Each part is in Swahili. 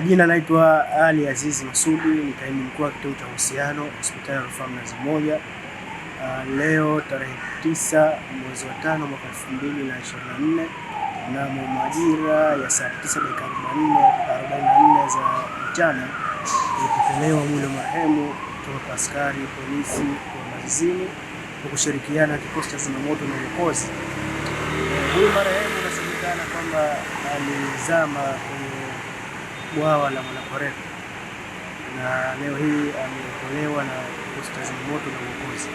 Jina naitwa Ali Azizi Masudi, ni kaimu mkuu wa kituo cha uhusiano hospitali ya rufaa Mnazi Mmoja. Uh, leo tarehe tisa mwezi wa tano mwaka elfu mbili na ishirini na nne mnamo majira ya saa tisa dakika arobaini na nne za mchana ulipokelewa mwili wa marehemu kutoka kwa askari polisi wa Mazizini kwa kushirikiana kikosi cha zimamoto na uokozi. Huyu marehemu inasemekana kwamba alizama kwenye bwawa la Mwanakoreko, na leo hii ameokolewa na kikosi cha zimamoto na uokozi.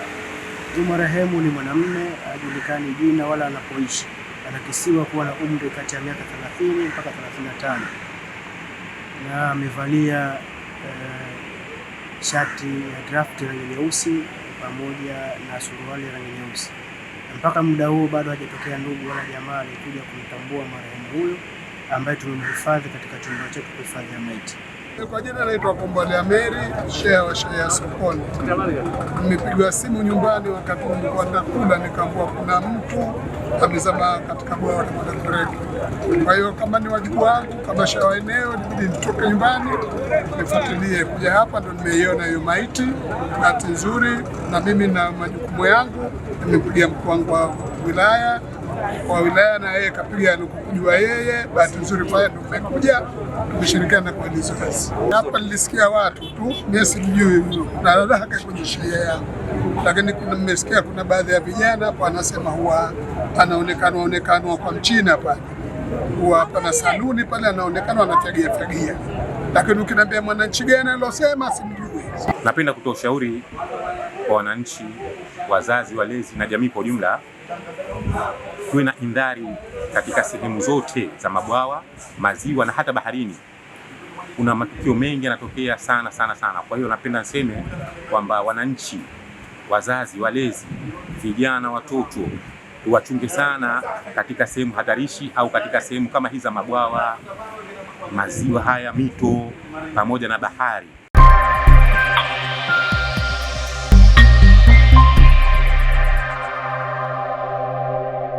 Juma Rehemu ni mwanamume ajulikani jina wala anapoishi. Anakisiwa kuwa na umri kati ya miaka 30 mpaka 35 na amevalia eh, shati ya draft rangi nyeusi pamoja na suruali rangi nyeusi. Mpaka muda huo bado hajatokea ndugu wala jamaa alikuja kumtambua marehemu huyo ambaye tumemhifadhi katika chumba chetu kuhifadhi ya maiti. Kwa jina naitwa Kombolea Meri shea wa ya sokoni. Nimepigwa simu nyumbani wakati nilikuwa nakula, nikaambiwa kuna mtu amezama katika bwawa la Mwanampereke. Kwa hiyo kama ni wajibu wangu kama shea wa eneo, nibidi nitoke nyumbani nifuatilie. Kuja hapa ndo nimeiona hiyo maiti, bahati nzuri na mimi na majukumu yangu, nimekuja mkuu wangu wa wilaya kwa wilaya na yeye kapiga nikukujua yeye. Bahati nzuri pale ndo tumekuja tumeshirikiana kwa hizo kazi. Hapa nilisikia watu tu sijui mno na dadaka kwenye sheria yangu, lakini mmesikia kuna baadhi ya vijana hapo anasema huwa anaonekana onekana kwa mchina pale huwa pana saluni pale anaonekana anafagia fagia, lakini ukiniambia mwananchi gani alosema simjui. Napenda kutoa ushauri kwa wananchi, wazazi, walezi na jamii kwa ujumla kuwe na indhari katika sehemu zote za mabwawa, maziwa na hata baharini. Kuna matukio mengi yanatokea sana sana sana. Kwa hiyo napenda niseme kwamba wananchi, wazazi, walezi, vijana, watoto wachunge sana katika sehemu hatarishi au katika sehemu kama hizi za mabwawa, maziwa haya, mito pamoja na bahari.